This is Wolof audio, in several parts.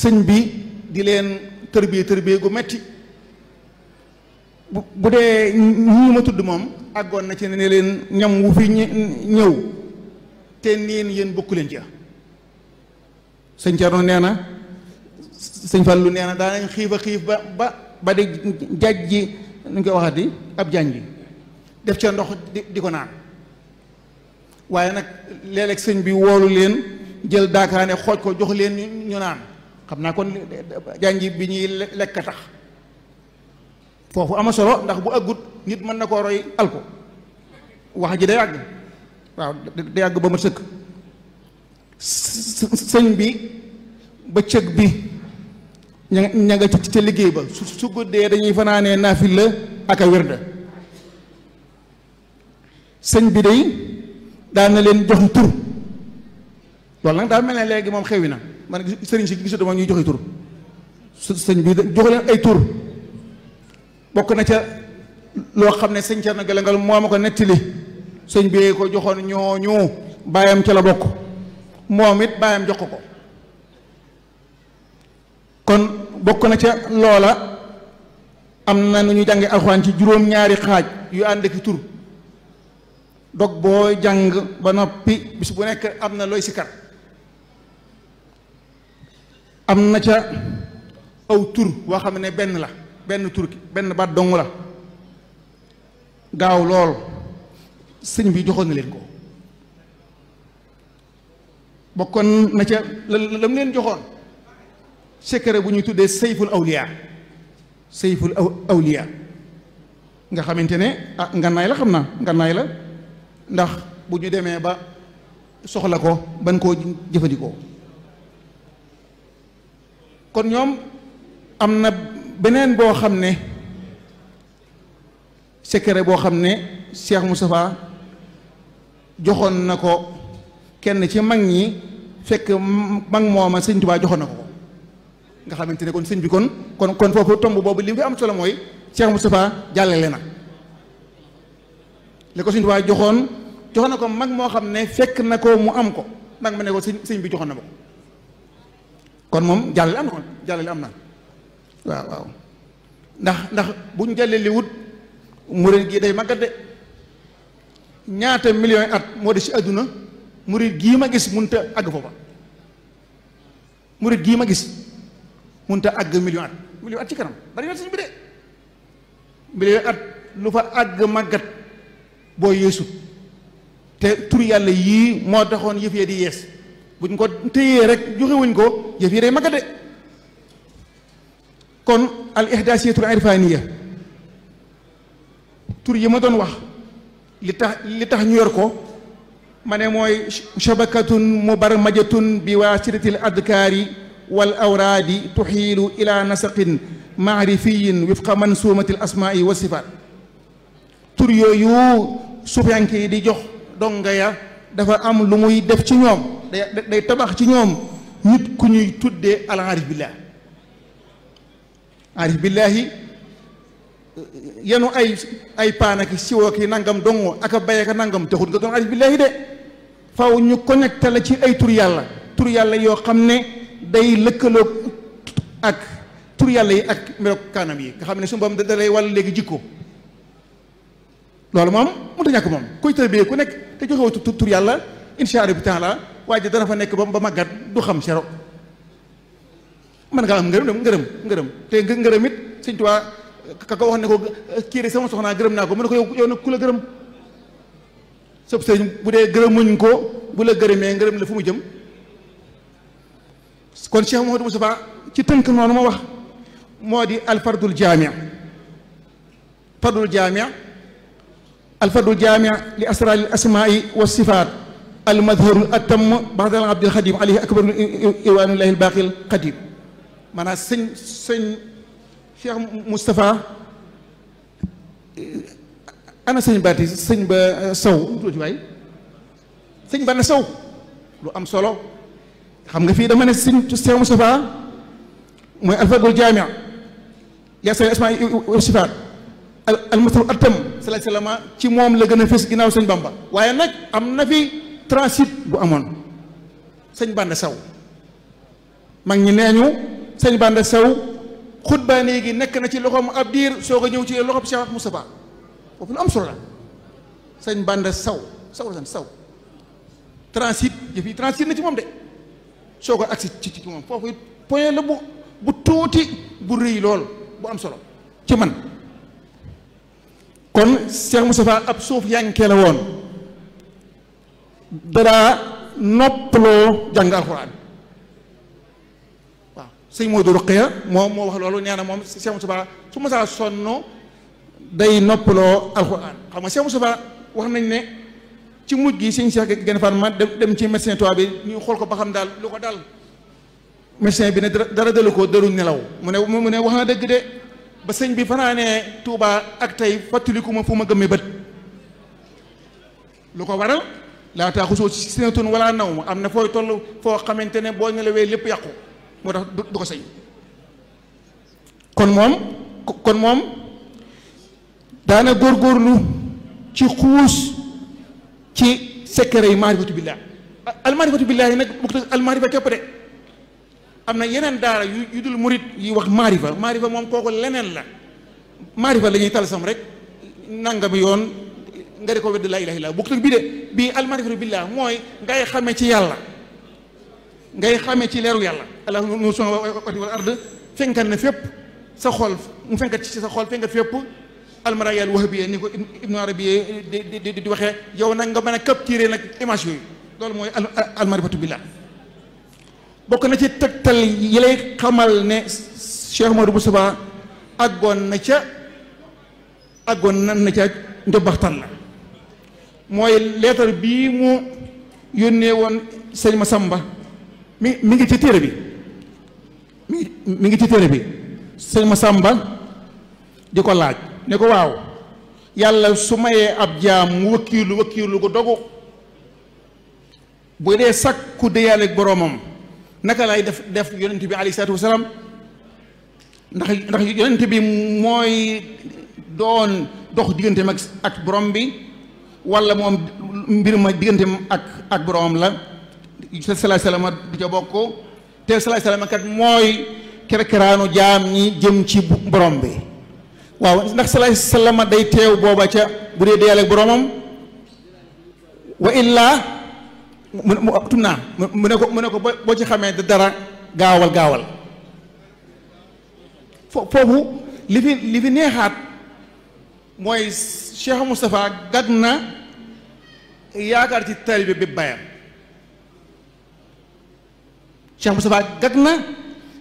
sëñ bi di leen tërbie tërbie gu metti bu bu dee ñi ma tudd moom àggoon na ci ne leen ñam wu fi ñëw te neen yéen bokku leen ci sëñ Thierno nee na sëñ lu nee na daanañ xiif a xiif ba ba ba di jaaj ji nu ñu koy waxati ab jaañ def ca ndox di di ko naan waaye nag léeg sëñ bi woolu leen jël daakaane xooj ko jox leen ñu naan xam naa kon jàngi bi ñuy lekk tax foofu ama solo ndax bu àggut nit mën na koo roy alko wax ji day àgg waaw day àgg ba ma sëkk sëñ bi ba cëg bi ña ña nga ca liggéey ba su su guddee dañuy fanaanee naafil la ak a sëñ bi dey daan na tur loolu nag daal mel na léegi moom xewi na man sëriñ si gisatu ma ñuy joxe tur sëñ bi joxe ay tur bokk na ca loo xam ne sëñ Thierno Galangal moo ma ko nettali sëñ bi ko joxoon ñooñu bàyyam ca la bokk moom it bàyyam jox ko ko kon bokk na ca loola am na nu ñu jànge alxuraan ci juróom-ñaari xaaj yu ànd ak tur dog boo jàng ba noppi bis bu nekk am na looy sikar am na ca aw tur woo xam ne benn la benn tur benn baat dong la gaaw lool sëñ bi joxoon na leen ko bokkoon na ca la la mu leen joxoon secret bu ñuy tuddee sayful awliya sayful awliya nga xamante ne ah ngannaay la xam naa ngannaay la ndax bu ñu demee ba soxla ko ban koo jëfandikoo kon ñoom am na beneen boo xam ne secret boo xam ne mu safaa joxoon na ko kenn ci mag ñi fekk mag mooma sëñ Tuubaa joxoon na ko nga xamante ne kon sëñ bi kon kon kon foofu tomb boobu li mu fi am solo mooy Cheikh Moustapha jàllale na li ko sëñ Tuubaa joxoon joxoon na ko mag moo xam ne fekk na ko mu am ko mag ma ne ko sëñ sëñ bi joxoon na ma ko kon moom jàllale am na waaw waaw ndax ndax buñ jàllale wut murid gi day màggat de ñaata millions at moo de ci àdduna murid gii ma gis mënut a àgg foofa murid gii ma gis mënut a àgg million at million at ci kanam bari na suñu bi de million at lu fa àgg màggat boo yeesut te tur yàlla yii moo taxoon yëf yee di yees. buñ ko téyé rek joxé wuñ ko yëf yi day magga de kon al ihdaasiyatul irfaniya tur yi ma doon wax li tax li tax ñu yor ko mané moy shabakatun mubarmajatun bi waasitatil adkaari wal awradi tuhilu ila nasaqin ma'rifiyyin wifqa mansuumatil asma'i was sifat tur yoyu sufiyanke di jox dongaya dafa am lu muy def ci ñom day day tabax ci ñoom nit ku ñuy tuddee al aarif billaah aarif billaahi yenu ay ay paanaki siwoo ki nangam dongo aka bay aka nangam taxut nga doon aarif billaahi de faw ñu connecté la ci ay tur yàlla tur yàlla yoo xam ne day lëkkaloo ak tur yàlla yi ak melok kaanam yi nga xam ne su mbaam da lay wàll léegi jikko loolu moom mënut a ñàkk moom kuy tërbiyee ku nekk te joxewut tur yàlla insha allah bi waa ji dana fa nekk ba màggat du xam sero mën ngaa am ngërëm dem ngërëm ngërëm te ngërëm it sëñ Tuubaa ka ko wax ne ko kii sama soxnaa gërëm naa ko mu ne ko yow yow nag ku la gërëm sëb sëñ bu dee gërëmuñ ko bu la gërëmee ngërëm la fu mu jëm kon Cheikh Mouhamadou Moustapha ci tënk noonu ma wax moo di alfardul jaamia fardul jaamia alfardul jaamia li asraaril asmaa'i wa sifaat المظهر التم بعد عبد الخديم عليه اكبر ايوان الله الباقي القديم مانا سن سن شيخ مصطفى انا سن باتي سن با سو توتي باي سن با سو لو ام سولو خم نغا في دا ماني سن شيخ مصطفى موي الفا بول جامع يا سي اسماء الصفات المثل التم صلى الله عليه وسلم تي موم لا غنا فيس غيناو سن بامبا وايي نك امنا في transit bu amoon sëñ Bànda Saw mag ñi nee ñu sëñ Bànda Saw xutbaa léegi nekk na ci loxoom ab diir soo ko ñëw ci loxoom Cheikh Moustapha foofu lu am solo la sëñ Bànda Saw saw la saw transit jëf yi transit na ci moom de soo ko agsi ci moom foofu it point la bu bu tuuti bu rëy lool bu am solo ci man kon Cheikh Moustapha ab suuf yànkee la woon dara noppaloo jàng alxuraan waaw sëñ Modou Ruqeya moom moo wax loolu nee na moom Cheikh Moussa su ma saa sonn day noppaloo alxuraan xam nga Cheikh Moussa wax nañ ne ci mujj gi sëñ Cheikh Gaïndé Fatma dem ci médecin tubaab bi ñuy xool ko ba xam daal lu ko dal médecin bi ne dara dalu ko daru nelaw mu ne mu ne wax na dëgg de ba sëñ bi fanaanee Touba ak tey fàttaliku ma fu ma gëmmee bët lu ko waral. laataa xusoo si sinatun wala naw ma am na fooy toll foo xamante ne boo nelawee lépp yàqu moo tax du ko sañ kon moom kon moom daana góorgóorlu ci xuus ci secret yi maarifatu billaahi almaarifatu billaahi yi nag bokk almaarifa képp de am na yeneen daara yu yu dul murit yu wax maarifa maarifa moom kooku leneen la maarifa la ñuy tal sam rek nangami yoon nga di ko wedd laa ilaha illa bokkut ak bii de bii almarifatu billah mooy ngay xame ci yàlla ngay xame ci leeru yàlla allah nu son wati wal ard fenkat na fépp sa xool mu fenkat ci sa xol fenkat fépp almarayal wahabiya ni ko ibnu arabiya di di di nag nga mën a capturer nag image yooyu loolu mooy almarifatu billah bokk na ci tegtal yi lay xamal ne Cheikh Modou Moustapha àggoon na ca àggoon nan na ca njobbaxtan la mooy leetar bii mu yónnee woon sëñ Masamba mi mi ngi ci téere bi mi mi ngi ci téere bi sëñ Masamba di ko laaj ne ko waaw yàlla su mayee ab jaam mu wëkkiilu wëkkiilu ko dogu bu dee sàkku déyaale ak boroomam naka lay def def yonent bi alayhi salaatu wasalaam ndax ndax yonent bi mooy doon dox diggante ak ak borom bi wala moom mbir ma digganteem ak ak la te salaay salaama du ca bokk te salaay salaama kat mooy kerkeraanu jaam ñi jëm ci borom bi waaw ndax salaay salaama day teew booba ca bu dee dee boroomam wa illaa tum naa mu ne ko mu ne ko boo ci xamee dara gaawal gaawal foofu li fi li fi neexaat mooy Cheikh Moustapha gag na yaakaar ci taalibe bi bayam Cheikh Moustapha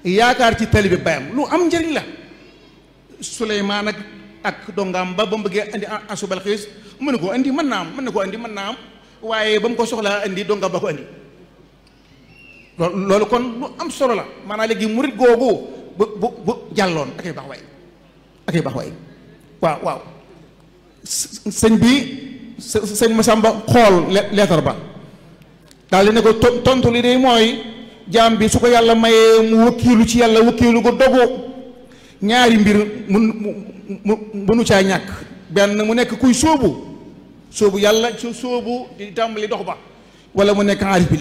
yaakaar ci taalibe bayam lu am njëriñ la Suleymaan ak ak dongaam ba ba mu bëggee andi asubal xiis mën na koo andi mën naa am mën na koo andi mën naa am waaye ba mu ko soxlaa indi dongaam ba ko andi loolu kon lu am solo la maanaam léegi murit googu bu bu bu jàlloon akay baax waay akay baax waay waaw waaw sëñ bi sëñ Masamba xool leetar ba daal di ne ko tontu li de mooy jaam bi su ko yàlla mayee mu wakkiilu ci yàlla wakkiilu ko dogu ñaari mbir mun mu munu caa ñàkk benn mu nekk kuy sóobu sóobu yàlla su sóobu di tàmbali dox ba wala mu nekk aarif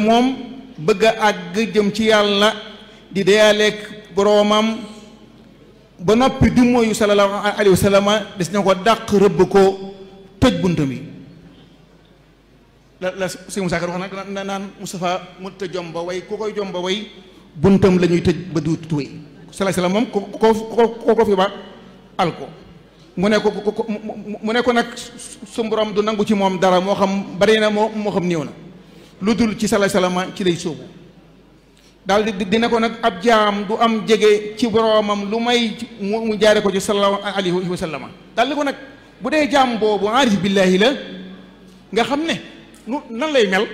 moom bëgg a àgg jëm ci yàlla di deyaaleeg boroomam ba noppi du mooyu sallallahu alayhi wa sallam des na ko dàq rëbb ko tëj buntam yi la la sëñ Moussa Ka wax nag naan Moustapha mënut a jomba way ku koy jomba way buntam la ñuy tëj ba du tuwe sallallahu alayhi wa sallam moom ko ko ko fi ba al mu ne ko mu ne ko nag su du nangu ci moom dara moo xam bari na moo moo xam néew na lu dul ci sallallahu alayhi ci lay sóobu daal di dina ko nag ab jaam du am jege ci boroomam lu may mu jaare ko ci sallallahu alayhi wa sallam daal di ko nag bu dee jaam boobu aarif billaahi la nga xam ne nan lay mel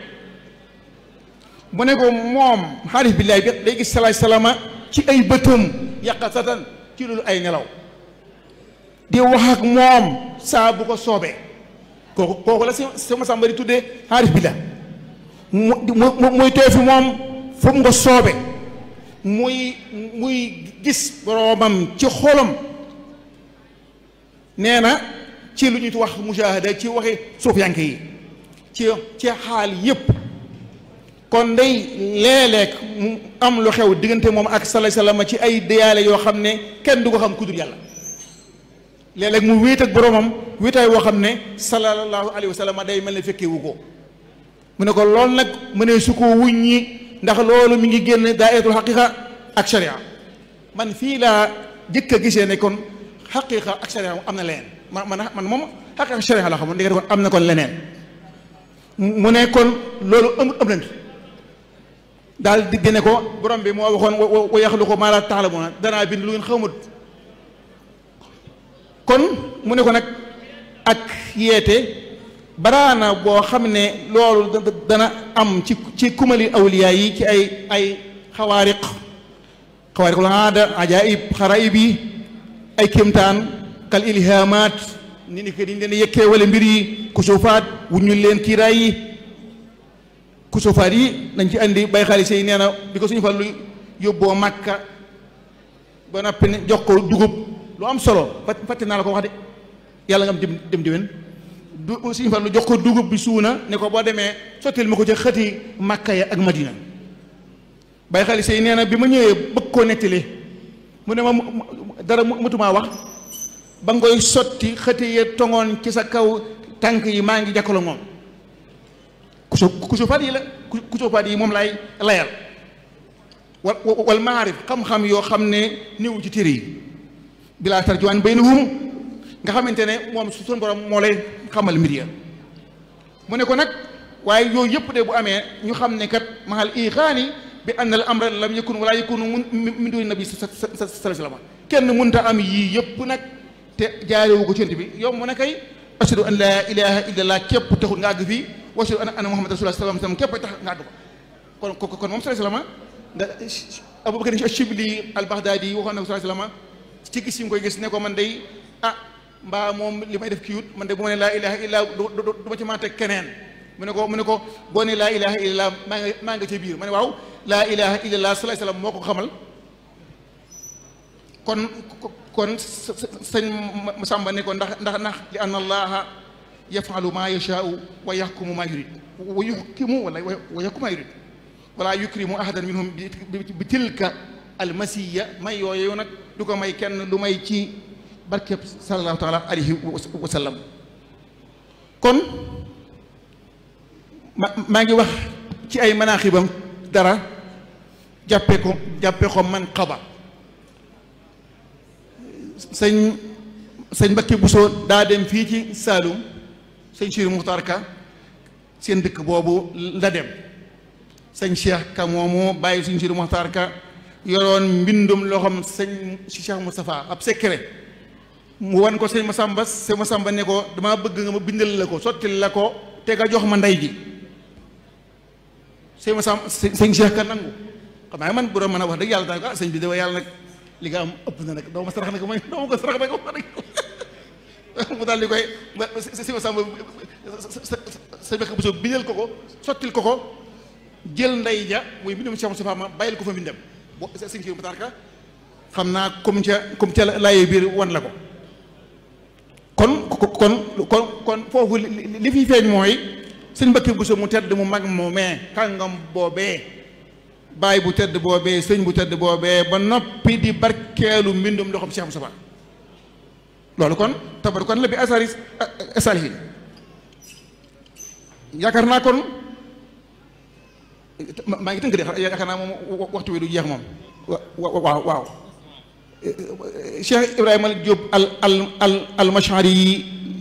mu ne ko moom aarif billaahi bi day gis salaay salaama ci ay bëtam yàqasatan ci loolu ay nelaw di wax ak moom saa bu ko soobee kooku kooku la sama sàmbari tuddee aarif billaahi mu mooy tooy fi moom fu mu nga soobe muy muy gis boroomam ci xolam nee na ci lu ñuy wax mujaahada ci waxi suufiyanke yi ci ci xaal yépp kon day léeg mu am lu xew diggante moom ak sallallahu alayhi wasallam ci ay deyaale yoo xam ne kenn du ko xam ku yàlla léeg mu wéet ak boroomam wéetaay woo xam ne sallallahu alayhi wasallam day mel ne fekkee ko mu ne ko loolu nag mu ne su ko wuññi ndax lolu mi ngi genn da'atul haqiqa ak sharia man fi la jikka a gisee ne kon haqiqa ak sharia am na leneen man man mom haqiqa ak sharia la xam ndeke kon am na kon leneen mu ne kon lolu ëmb ëmb lañ daal di gene ko borom bi mo waxon wa yakhluqu ma la ta'lamuna dana bind lu ngeen xamut kon mu ne ko nak ak yete baraana boo xam ne loolu dana am ci ci kumali awliyaa yi ci ay ay xawaariq xawaariqul aada ajaib ay kémtaan kal ilhamaat ni ni que dañ mbir yi kusufaat wuñu leen kiiraay yi yi dañ ci andi bay xaalis yi na bi ko suñu fàllu yóbboo màkka ba jox ko dugub lu am solo fàtte naa la yàlla nga am dem dem diwén سيف الله جوكو دوغو بسونا نكو بو ديمي سوتيل مكو جي خاتي مكه يا اك مدينه باي خالي سي نينا بيما نيي بكو نيتلي أن نما دار متوما واخ بانغوي سوتي خاتي يا تونغون كي سا كاو تانك يي ماغي جاكلو موم كوشو كوشو فادي لا كوشو فادي موم لاي لايال والمعرف خم خم يو خمني نيو جي تيري بلا ترجوان بينهم nga xamante ne moom su sunu borom moo xamal mbir mu ne ko nag waaye yooyu yëpp de bu amee ñu xam ne kat mahal ixaani bi ann al amra lam yakun wala yakunu min am yëpp nag te jaarewu ko cent bi yow mu ne kay ashadu an laa ilaha illallah képp taxul nga àgg fii wa ashadu muhammad rasulullah sallallahu alayhi képp tax nga àgg ko kon kon moom sallallahu alayhi wa sallam nga abubakar Shibli al Baghdadi na ko sallallahu alayhi gis koy gis ne ko man day ah mbaa moom li may def ki wut man de bu ma ne laa ilaha illa du ma ci mën a teg keneen mu ne ko mu ne ko boo ne laa ilaha illa maa nga maa nga ca biir ma ne waaw laa ilaha illallah salaay salaam moo ko xamal kon kon sëñ Samba ne ko ndax ndax ndax li anna allaha yafalu ma yashaau wa yaxkumu ma yurid wa yuxkimu wala wa yaxkumu ma yurid wala yukrimu ahadan minhum bi tilka almasiya may yooyu nag du ko may kenn lu may ci barkeb sallallahu taala alayhi wa sallam kon ma maa ngi wax ci ay manaaxibam dara jàppe ko jàppe ko man xaba sëñ sëñ Mbacke Bousso daa dem fii ci Saalum sëñ Cheikh Moukhtar Ka seen dëkk boobu la dem sëñ Cheikh Ka moomu bàyyi sëñ Cheikh Moukhtar Ka yoroon mbindum loxoom sëñ Cheikh Moustapha ab secret mu wan ko sëñ Masamba sëñ sàmba ne ko damaa bëgg nga ma bindal la ko sottil la ko te nga jox ma ndey ji sëñ Masamba sëñ Cheikh ka nangu xam man bu doon a wax dëgg yàlla daal ko ah sëñ bi dafa yàlla nag nga am ëpp na nag doo ma sarax nag ma ko di koy sëñ bindal ko ko sottil ko ko jël ndey ja muy bindum Cheikh Moustapha ma bàyyil ko fa bindam bo sëñ Cheikh xam naa comme ca comme ca laayee biir wan la ko kon kon kon kon foofu li fi feeñ mooy sëñ Mbàkke Buso mu tedd mu mag moomee kàngam boobee baay bu tedd boobee sëñ bu tedd boobee ba noppi di barkeelu mbindum loxoom Cheikh Moustapha loolu kon tabar kon la bi asari eh, salihin yaakaar naa kon maa ngi tënk de yaakaar naa moom waxtu wi du jeex moom waaw waaw Cheikh Ibrahima Diop al al al al machari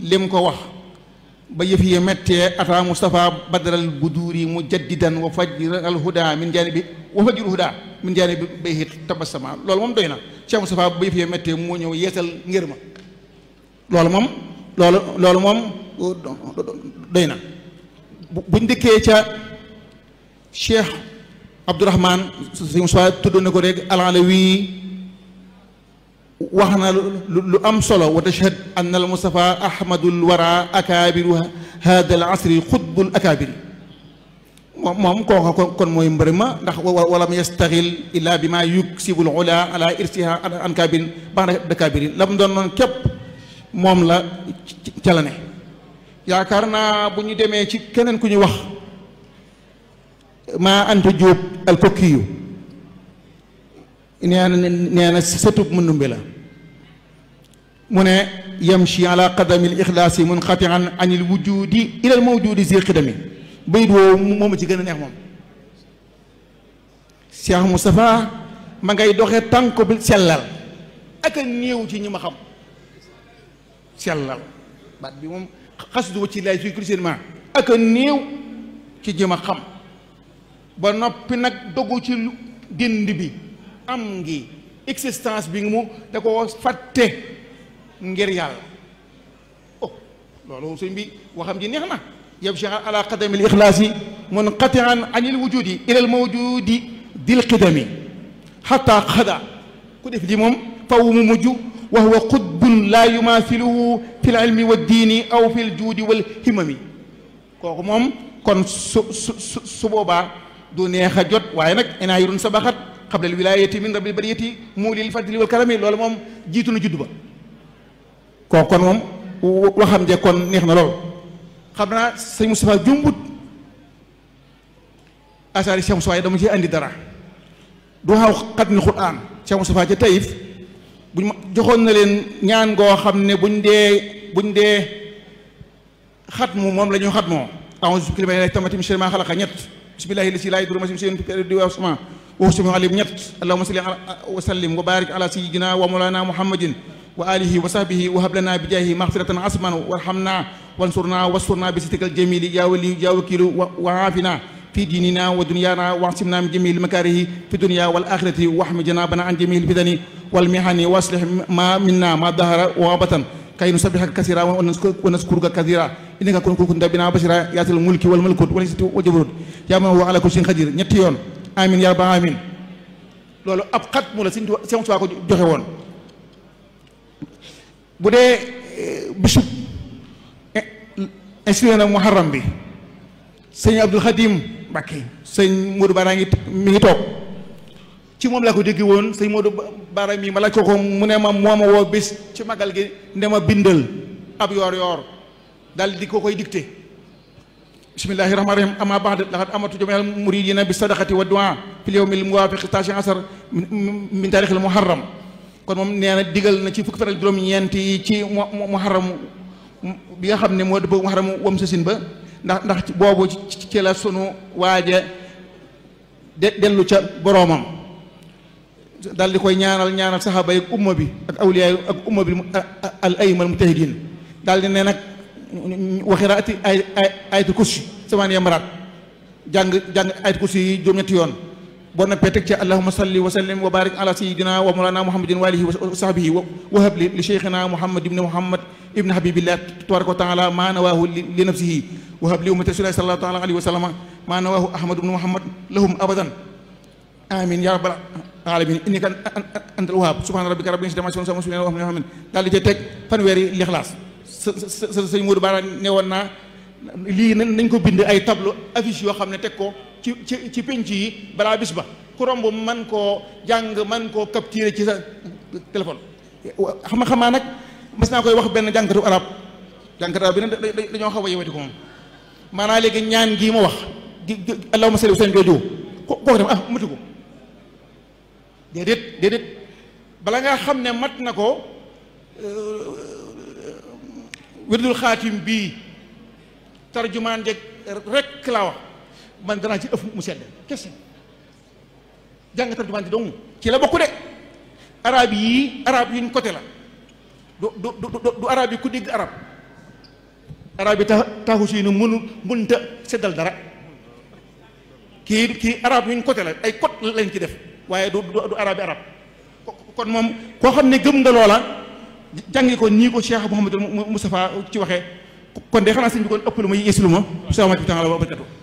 yi ko wax ba yëf yi mettee ata Moustapha badral buduuri mujaddidan wa fajr al huda min janibi wa fajr huda min loolu moom doy na Cheikh Moustapha ba yëf yi mettee moo ñëw yeesal ngir loolu moom loolu moom doy na buñ dëkkee ca Cheikh Abdourahman su Moustapha tudd na ko rek alalawi واخنا لو ام صلو وتشهد ان المصطفى احمد الورى اكابر هذا العصر خطب الاكابر موم كوكا كون موي مبرما ولم يستغل الا بما يكسب العلا على ارسها عن كابين بعد دكابرين لم دون نون كيب موم لا تلاني ياكارنا بو ني ديمي سي كنين كوني واخ ما انت جوب الكوكيو nee na nee na sëtub mu ndumbe la mu ne yamshi ala qadami l ixlaasi munqatian an il wujudi ila l mawjudi si xidami bayit woowu moom a ci gën a neex moom Cheikh Moustapha ma ngay doxe tànk bi sellal ak a néew ci ñi ma xam sellal a néew ci ñi ba noppi nag dogu ci génd bi am gi existence bi mu da ko fàtte ngir yàlla oh lolu sëñ bi waxam ji neexna na yabshi ala qadami al ixlaasi munqatian an il wujudi ila al mawjudi dil qidami hatta qada ku def li mom faw mu muju wa huwa qutb la yumathiluhu fil ilmi wa aw fil jud wal himami kooku mom kon su boba du neexa jot waye nak ina yurun sabaxat xam xabla al wilayati min rabbil bariyati mu lil fadli wal karami loolu moom jiitu na juddu ba kon moom waxam je kon neex na lool xam naa sëñ Moustapha jumbut asaari Cheikh Moustapha yi dama ci andi dara du xaw xat ni Qur'an Cheikh Moustapha ca Taïf buñ joxoon na leen ñaan ngoo xam ne buñ dee buñ dee xat mu moom la ñu xat moo aouzu billahi tamati min sharri ma xalaqa ñett bismillahi la si laay duru masim seen di وسمه علي بنيت اللهم صل وسلم وبارك على سيدنا ومولانا محمد وآله وصحبه وهب لنا بجاهه مغفرة عصما وارحمنا وانصرنا واسترنا بستك الجميل يا ولي يا وكيل وعافنا في ديننا ودنيانا واعصمنا من جميع المكاره في الدنيا والآخرة واحم جنابنا عن جميع الفتن والمحن واصلح ما منا ما ظهر وبطن كي نسبحك كثيرا ونذكرك كثيرا إنك كنت بنا بشرا يا الملك والملكوت والعزة والجبروت يا من هو على كل شيء قدير ñetti yoon amin yaa ba amin loolu ab xat mu la si seen ko joxe woon bu dee eh, bisub eh, insulé na muharram bi sëñ Abdul Xadim Mbàkke sëñ Modou Bara ngi mi ngi toog ci moom laa ko dégg woon sëñ Modou Bara mi ma laaj ko ko mu ne ma moo ma woo bés ci magal gi ne ma bindal ab yoor yoor dal di ko koy dicté bismillahi rahmaan rahim ama baad laxad amatu jamal muridina bi sadaqati wa du'a fil yawmi al muwafiq taasi asar min taarix al muharram kon moom nee digal na ci fukki faral juróom ñeent yi ci muharram bi nga xam ne moo dëpp muharram wam sasin ba ndax ndax boobu ci la sunu waaja dellu ca boroomam dal di koy ñaanal ñaanal saxaaba yi ak umma bi ak awliya ak umma bi al aymal mutahidin dal di ne وقراءة آية الكرسي ثمانية مرات جان جان آية الكرسي جملة يون بيتك يا اللهم صل وسلم وبارك على سيدنا ومولانا محمد واله وصحبه وهب لشيخنا محمد بن محمد ابن حبيب الله تبارك وتعالى ما نواه لنفسه وهب لأمة رسول الله صلى الله تعالى عليه وسلم ما نواه أحمد بن محمد لهم أبدا آمين يا رب العالمين إني كان أنت الوهاب سبحان ربك رب العزة ما شاء الله سبحانه وتعالى فنوري الإخلاص sa sa sëñ Mourou Bara ne woon naa lii nañ ko bind ay tableau affiche yoo xam ne teg ko ci ci ci penc yi balaa bis ba ku romb man koo jàng man koo capturer ci sa téléphone xam xamaa nag mas naa koy wax benn jànkatu arab jànkatu arab bi nag dañoo xaw a yewati ko moom maanaa léegi ñaan gii ma wax gi allahumma salli wa sallim jooju kooku dem ah matu ko déedéet déedéet bala ngaa xam ne mat na ko euh, wirdul xaatim bii tarjumaan jeg rek laa wax man danaa ci ëf mu sedd kese jàng tarjumaan di dong ci la bokku de arab yii arab yuñ côté la du du yi ku dégg arab arab yi tax taxu si nu mënu mënta seddal dara kii kii arab yuñ côté la ay côté lañ ci def waaye du du arab yi kon moom koo xam ne gëm nga loola jàngi ko nii ko Cheikh Mouhamadul Moustapha ci waxee kon de xanaa sëñ bi kon ëpp lu ma yeesu lu ma salaamaaleykum taala wa barakatu